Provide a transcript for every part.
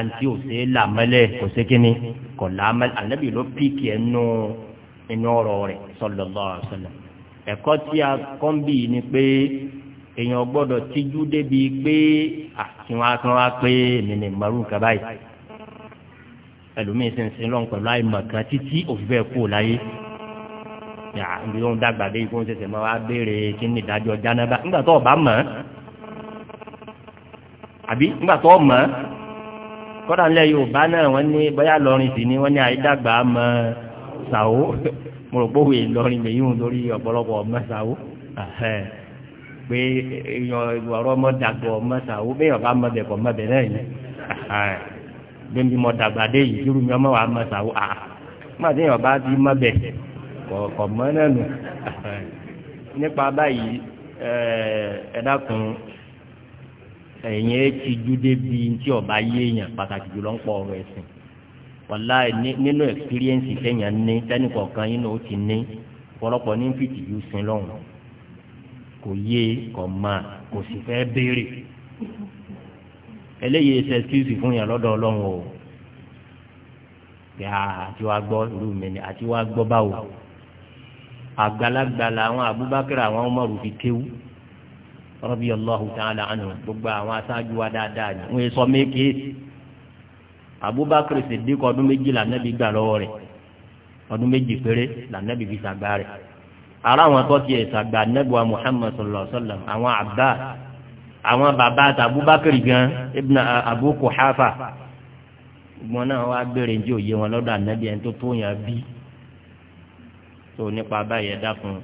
àǹtí ò sí làmẹlẹ kò sí kínní kò làmẹlẹ ànábì ló píìkì ẹnu inú ọ̀rọ̀ rẹ̀ sallallahu alaihi wasallam ẹ̀kọ́ tí a kọ́ ń bì ní pé èèyàn gbọ́dọ̀ tíjú débi pé àtiwọn akán wa pé èmi ni màrún kaba yìí ẹlòmíín sì ń sin lọ́n pẹ̀lú àìmọ̀kan títí òfìfẹ́ kú láyé ibi tó dàgbà dé ikú ń ṣẹ̀ṣẹ̀ wá béèrè kí ni ìdájọ́ jánábà nígbà tó o bá àbí nígbà tó o kọ́dà ńlẹ̀ yorùbá náà wọ́n ní bóyá lọ́rin sì ni wọ́n ní àìdàgbà mọ́ ṣàwó mo rò pé òwe lọ́rin lèyí ń lórí ọ̀pọ̀lọpọ̀ ọmọ ṣàwó pé ọ̀rọ̀ ọmọ dàgbà ọmọ ṣàwó bẹ́ẹ̀ ọba mọ bẹ̀ kọ́ mọ bẹ̀ náà yìí bí mi mọ dàgbà dé yìí irú mi ọmọ wa mọ ṣàwó àà ẹ̀yìn ẹ̀ ti dúdé bíi tí ọba yéèyàn pàtàkì jùlọ ń pọ̀ ọ̀rọ̀ ẹ̀sìn wàlá nínú ẹ̀kíríẹ́nsì tẹ̀yàn ní tẹ́nìkọ̀ọ̀kan yín náà ó ti ní ọ̀pọ̀lọpọ̀ ní fìtì yìí sin lọ́hùn kò yé kò mà kò sì fẹ́ béèrè eléyìí ṣe ẹ̀kírísì fún yàn lọ́dọ̀ ọlọ́run o pé àti wàá gbọ́ ìlú mi ni àti wàá gbọ́ báwo àgbàlagbà làwọn Abubakar àwọn Umaru fi kéwú radiyallahu ta'ala anhu gbogbo àwọn aṣáájú wa dáadáa ni wọ́n sọ méje Abubakar Siddiq ọdún méjì lànàbí gbà lọ́wọ́ rẹ̀ ọdún méjì péré lànàbí fi sàgbà rẹ̀ ara àwọn tó ti sàgbà nẹ́bùwà Muhammad sallallahu alaihi wasallam àwọn Abbas àwọn bàbá àti Abubakar gan ibn Abu Kuhafa gbọ́n náà wá béèrè ní òye wọn lọ́dọ̀ ànábì ẹni tó tó yàn bí tó nípa báyìí dákun.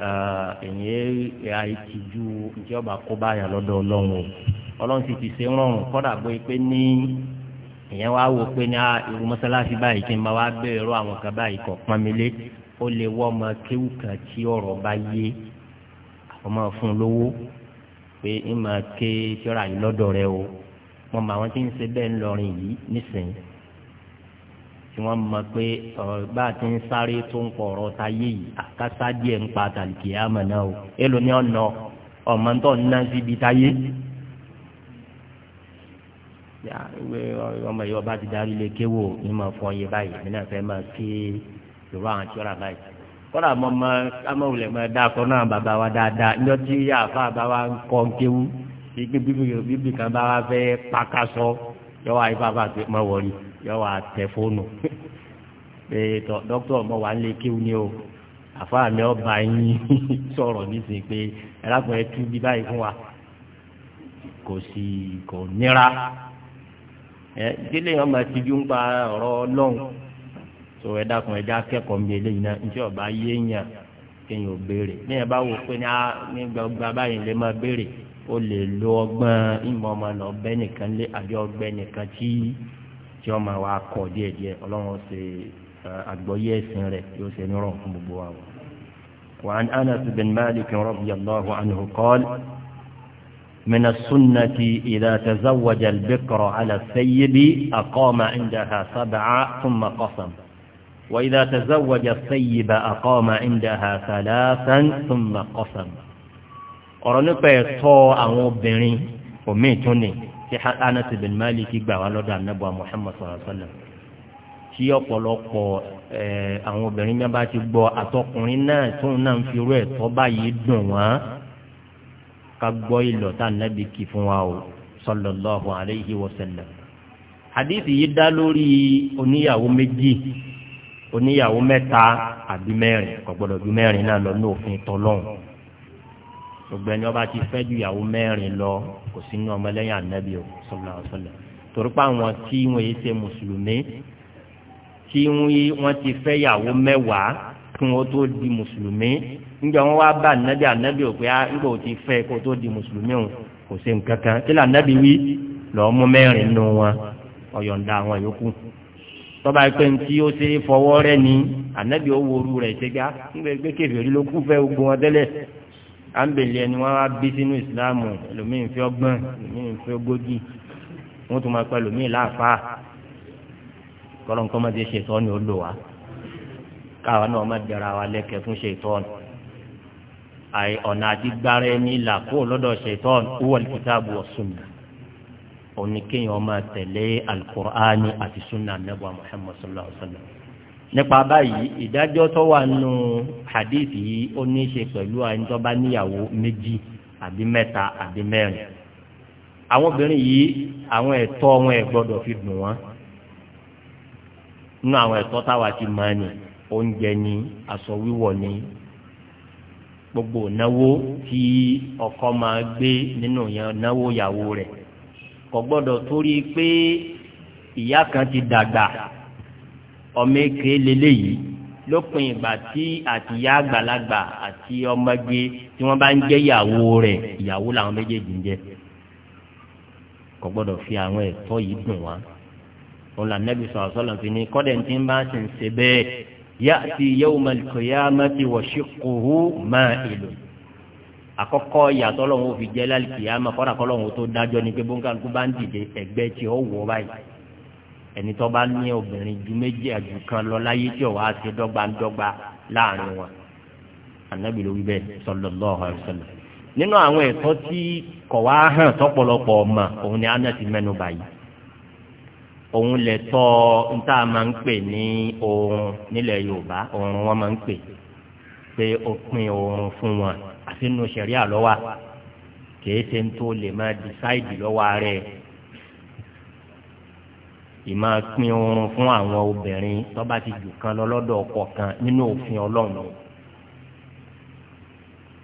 Eh, ẹ̀yìn àìtìjú tí ọba kó báyà lọ́dọ̀ ọlọ́run o ọlọ́run sì ti ṣe rọrùn kọ́dà bó yẹ pé ní ìyẹn wá wò pé ní ah, irú mọ́sálásí báyìí kí n máa wá bẹ̀rẹ̀ rọ àwọn kan báyìí kọ̀ pamílé ó lè wọ́ ọmọ kéwù kan tí ọ̀rọ̀ bá yé ọmọ fún lówó pé ń máa ké tíọ́ra yìí lọ́dọ̀ rẹ o mo mọ àwọn tí ń ṣe bẹ́ẹ̀ ńlọrin yìí nísìnyí tí wọ́n mọ̀ pé bá a ti ń sáré tó ń pọ̀ ọ̀rọ̀ ta yé yìí àkásá díẹ̀ ń pa tàlìkì àmọ̀ náà o èlò ni ọ̀nà ọ̀mọ̀ ń tọ̀ ná síbi ta yé. ọmọ yìí ọba ti darí lé kéwò ní ma fọ iye báyìí mí náà fẹ́ máa ké ìró àwọn tí ó rà báyìí. kọ́lá mọ ọmọ amáwulẹ̀ mọ ẹ̀dá akọ náà bàbá wa dáadáa ní ọtí àfa bá wa ń kọ́ kéwú bíbí kan bá wa fẹ́ pàkásọ yọ wá ifá bá ti mọ wọlé yọ wà tẹ fóònù pé tọ ọmọ wa ń lé kíw ni o àfáà ọba yín sọ̀rọ̀ nísìnyí pé ẹlákùnrin tú bí báyìí fún wa kò sí kò níra ẹ délé yẹn ọmọ ti dún pa ọ̀rọ̀ lọ́hùn tó ẹ dákun ẹjá kẹ́kọ̀ọ́ mi eléyìí náà njẹ́ ọba yé yàn kéèyàn ò béèrè níyẹn bá wò pé ní gbàgbà báyìí lè máa béèrè o lè lo ọgbọ́n ìmọ̀ ọmọ náà ọgbẹ́ nìkan lé àbí ọgbẹ́ nìkan tí. tí máa wa kọ díẹ ọlọ́run ṣe àgbọ́yé ẹ̀sìn rẹ̀ yóò ṣe ní ọ̀rọ̀ fún gbogbo wa. وعن أنس بن مالك رضي الله عنه قال من السنة إذا تزوج البكر على السيد أقام عندها سبعة ثم قسم وإذا تزوج السيب أقام عندها ثلاثا ثم قسم ọ̀rọ̀ nípa ẹ̀tọ́ àwọn obìnrin òmíì tún ni tí Anas bin Malik gbà wá lọ́dọ̀ anábọ̀ Muhammad sallallahu alaihi wasallam tí ọ̀pọ̀lọpọ̀ àwọn obìnrin mẹ́ta ti gbọ́ àtọkùnrin náà tóun náà ń fi irú ẹ̀tọ́ báyìí dùn wọ́n ká gbọ́ ìlọ̀ tá nábì kì fún wa o sallallahu alaihi wasallam hadith yìí dá lórí oníyàwó méjì oníyàwó mẹ́ta àbí mẹ́rin kò gbọ́dọ̀ ju mẹ́rin náà lọ ní òfin tọ́lọ́run gbogbo ẹni ọba ti fẹ́ ju ìyàwó mẹ́rin lọ kò sí ní ọmọlẹ́yìn ànábì o sọlá ọsọlá torípa àwọn tí wọn yìí ṣe mùsùlùmí tí wọn ti fẹ́ ìyàwó mẹ́wàá kí wọn tó di mùsùlùmí nígbà wọn wá bá ànábì ànábì ò pé ah, nígbà ò ti fẹ́ kó tó di mùsùlùmí o kò ṣe nǹkan kan kí lànábì wí lọ́ọ́ mú mẹ́rin nù wọn ọ̀yọ̀ǹda àwọn yòókù tọ́ba pé ní tí ó ṣe fọwọ́ rẹ ni ànábì ó wo oru rẹ̀ ṣe gá nígbà à ń bèlè ẹni wọ́n wá bí sínú ìsìláàmù ẹlòmíín fi ọgbọ́n ẹlòmíín fi ogójì wọ́n tún máa pẹ́ ẹlòmíín láàfà kọ́lọ́nkọ́ máa ti ṣe ìtọ́ni ó lò wá káwa náà má dara wa lẹ́kẹ̀ẹ́ fún ṣe ìtọ́ni ọ̀nà àti gbára ẹni là kó lọ́dọ̀ ṣe ìtọ́ni wọ́n kìtàbù ọ̀sùnmù òní kéèyàn máa tẹ̀lé alukur'ani àti sunna anabu muhammadu sallallahu alaihi wa sallam. nípa báyìí ìdájọ́ tó wà nù hadith yìí ó ní í ṣe pẹ̀lú àyíntọ́ba níyàwó méjì àbí mẹ́ta àbí mẹ́rin àwọn obìnrin yìí àwọn ẹ̀tọ́ wọn ẹ̀ gbọ́dọ̀ fi dùn wọ́n nínú àwọn ẹ̀tọ́ táwa ti máa ní oúnjẹ ní aṣọ wíwọ̀ ní gbogbo náwó tí ọkọ máa gbé nínú náwó ìyàwó rẹ̀ kò gbọ́dọ̀ torí pé ìyá ti dàgbà ọmọ èké lélẹ́yìí lópin ìgbà tí àtìyá àgbàlagbà àti ọmọge tí wọ́n bá ń jẹ́ ìyàwó rẹ̀ ìyàwó làwọn méjèèjì ń jẹ́ kò gbọ́dọ̀ fi àwọn ẹ̀tọ́ yìí dùn wá wọn là nẹ́bí sọ̀rọ̀ sọ́lọ̀ fi ní kọ́dẹ̀ tí ń bá sì ń ṣe bẹ́ẹ̀ yá àti yawmal qiyamati wa shiqquhu ma'ilun àkọ́kọ́ ìyàtọ̀ lọ́wọ́ fi jẹ́ lálẹ́ kìyàmá kọ́dà kọ́ lọ́wọ́ tó dájọ́ ní pé bóńkà ń bá ń dìde ẹ̀gbẹ́ tí ó wọ̀ báyìí ẹni tó bá ní obìnrin ju méjì àjù kan lọ láyé tí ọwọ́ àti dọ́gbandọ́gba láàrin wọn anabi ló wí bẹ́ẹ̀ sallallahu alaihi wasallam nínú àwọn ẹ̀tọ́ tí kò wá hàn tọ́pọ̀lọpọ̀ ọmọ òun ni ana ti mẹ́nu báyìí òun lè tọ́ níta máa ń pè ní oorun nílẹ̀ yorùbá oorun wọn máa ń pè pé òpin oorun fún wọn àti nínú sẹ̀ríà lọ́wọ́ kìí ṣe ń tó lè máa dìsáìdì lọ́wọ́ rẹ̀ ìmọ̀ pín oorun fún àwọn obìnrin tó ti jù kan lọ lọ́dọ̀ ọkọ kan nínú òfin ọlọ́run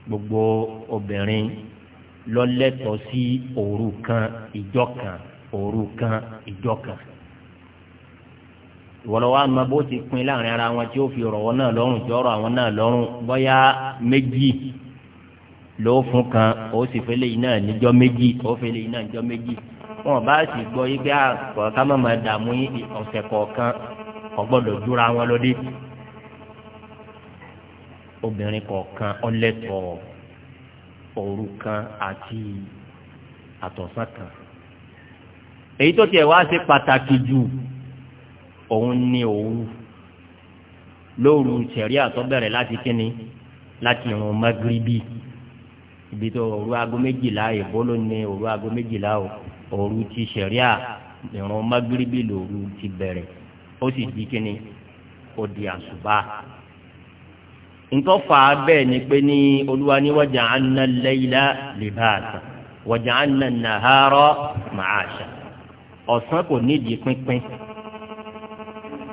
gbogbo obìnrin lọ́lẹ́tọ̀ sí òru kan ìjọ kan òru kan ìjọ kan ìwọlọ́wọ́ àmọ́ bó ti pín láàrin ara wọn tí ó fi rọ̀ wọ́n náà lọ́rùn tí ó rọ̀ àwọn náà lọ́rùn bóyá méjì ló fún kan ó sì fẹlẹ yìí náà níjọ méjì ó fẹlẹ yìí náà níjọ méjì wọn bá sì gbọ́ yìí pé àkọọká má máa dààmú yín ọ̀sẹ̀ kọ̀ọ̀kan ọgbọ́dọ̀ dúra wọn lọdẹ obìnrin kọ̀ọ̀kan ọlẹtọọ òru kan àti àtọ̀sán kan èyí tó tiẹ̀ wá ṣe pàtàkì jù òun ni òru lóru sẹ̀rí àtọ́bẹ̀rẹ̀ láti kíni láti irun magribi ibi tó òru aago méjìlá ìbóló ni òru aago méjìlá o òru ti sẹ̀ríà ìrun magiribi lòru ti bẹ̀rẹ̀ ó sì di kíni ó di àṣùbà ntọ́fà bẹ́ẹ̀ ni pé ní olúwa ní wọ́jà àná lẹ́yìnlá lèbáàtà wọ́jà àná nàhárọ́ màáṣà ọ̀sán kò nídìí pínpín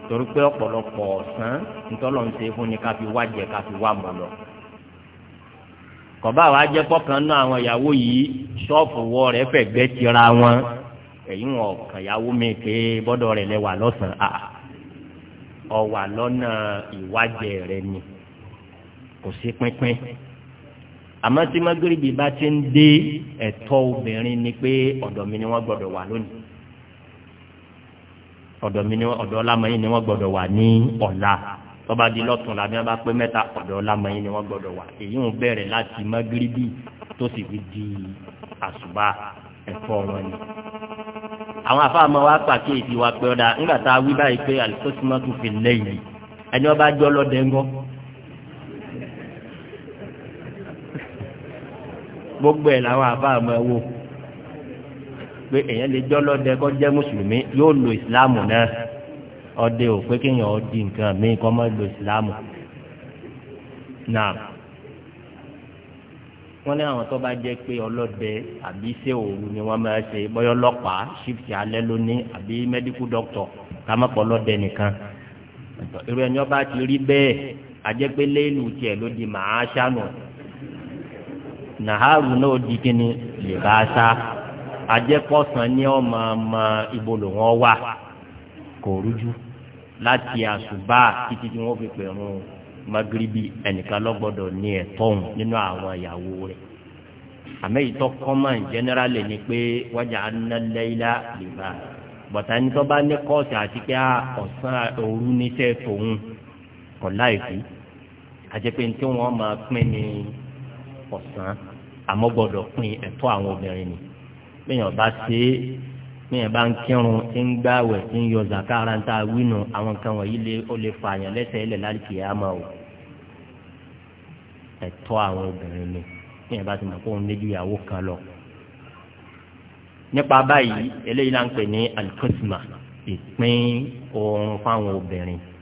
torí pé ọ̀pọ̀lọpọ̀ ọ̀sán ntọ́lọ́ ń ṣe fún ni ká fi wá wá mọ̀ lọ kọ̀bá wa jẹ́ pọ́kàn náà àwọn ìyàwó yìí ṣọ́ọ̀fù wọ rẹ̀ fẹ̀gbẹ́ tira wọn èyí wọn kàn yàwó mi ké bọ́dọ̀ rẹ̀ lẹ́wà lọ́sàn-án à ọ̀wà lọ́nà ìwájẹ rẹ̀ ni kò sí pínpín àmọ́ tí magrebi bá ti ń dé ẹ̀tọ́ obìnrin ni pé ọ̀dọ̀ mi ni wọ́n gbọ́dọ̀ wà lónìí ọ̀dọ̀ mi ni ọ̀dọ̀ ọlámọyìn ni wọ́n gbọ́dọ̀ wà ní ọ̀la tọ́ba di lọ́tún làbí wọn bá pé mẹ́ta ọ̀dọ̀ lamọ̀yìn ni wọ́n gbọ́dọ̀ wà èyí ń bẹ̀rẹ̀ láti mọ́gíríbì tó sì fi di àṣùbà ẹ̀fọ́ wọn ni. àwọn afáàmọ́ wa pàkíyèsí wa pé ọ̀dà ńgbà tá a wí báyìí pé àlùkòsímọ́tò fi lẹ́yìn ẹni wọn bá jọ lọ́dẹ ńgọ́. gbogbo ẹ̀ làwọn afáàmọ́ wò pé èèyàn lè jọ lọ́dẹ kọ́ jẹ́ mùsùlùmí yóò lo ìsìláàmù náà. ọdẹ ò pé kéèyàn ọdí nǹkan mí kọ́ mọ́ lo ìsìlámù náà wọ́n ní àwọn tó bá jẹ́ pé ọlọ́dẹ àbí iṣẹ́ òru ni wọ́n máa ṣe bọ́yọ́ ọlọ́pàá ṣífì alẹ́ lónìí àbí mẹ́díkù dọ́kítọ̀ ọlọ́dẹ nìkan irú ẹni ọba ti rí bẹ́ẹ̀ àjẹpé léèlù tiẹ̀ ló di màá nàhàrù náà di a sá ni ọmọ ọmọ wà kò rújú. láti àṣùbà títí tí wọ́n fi pè wọn magiribi ẹnìkan lọ́gbọ́dọ̀ ní ẹ̀tọ́ òun nínú àwọn ìyàwó rẹ̀ àmọ́ ìtọ́ kọ́mọ̀ jẹ́nẹ́rálì ni pé wájà ánálẹ́yìlá lè bá a bọ̀tà ní tó bá ní kọ́ọ̀tù àti pé ah, ọ̀sán òru níṣẹ́ tòun kọ̀ láìsí àti pé tí wọ́n máa pín ní ọ̀sán àmọ́ gbọ́dọ̀ pín ẹ̀tọ́ àwọn obìnrin ni bí èèyàn bá ṣe é mi ẹ̀ bá ń kírun tí ń gbààwẹ̀ tí ń yọ zakara ń ta wínú àwọn kan wọ̀nyí lé ó lè fa àyàn lẹ́sẹ̀ ilẹ̀ láìkì yá máa wò ẹ̀tọ́ àwọn obìnrin ni ní ẹ̀ bá ti mọ̀ kó ń léjú ìyàwó kan lọ. nípa báyìí eléyìí là ń pè ní alikosima ìpín oorun fáwọn obìnrin.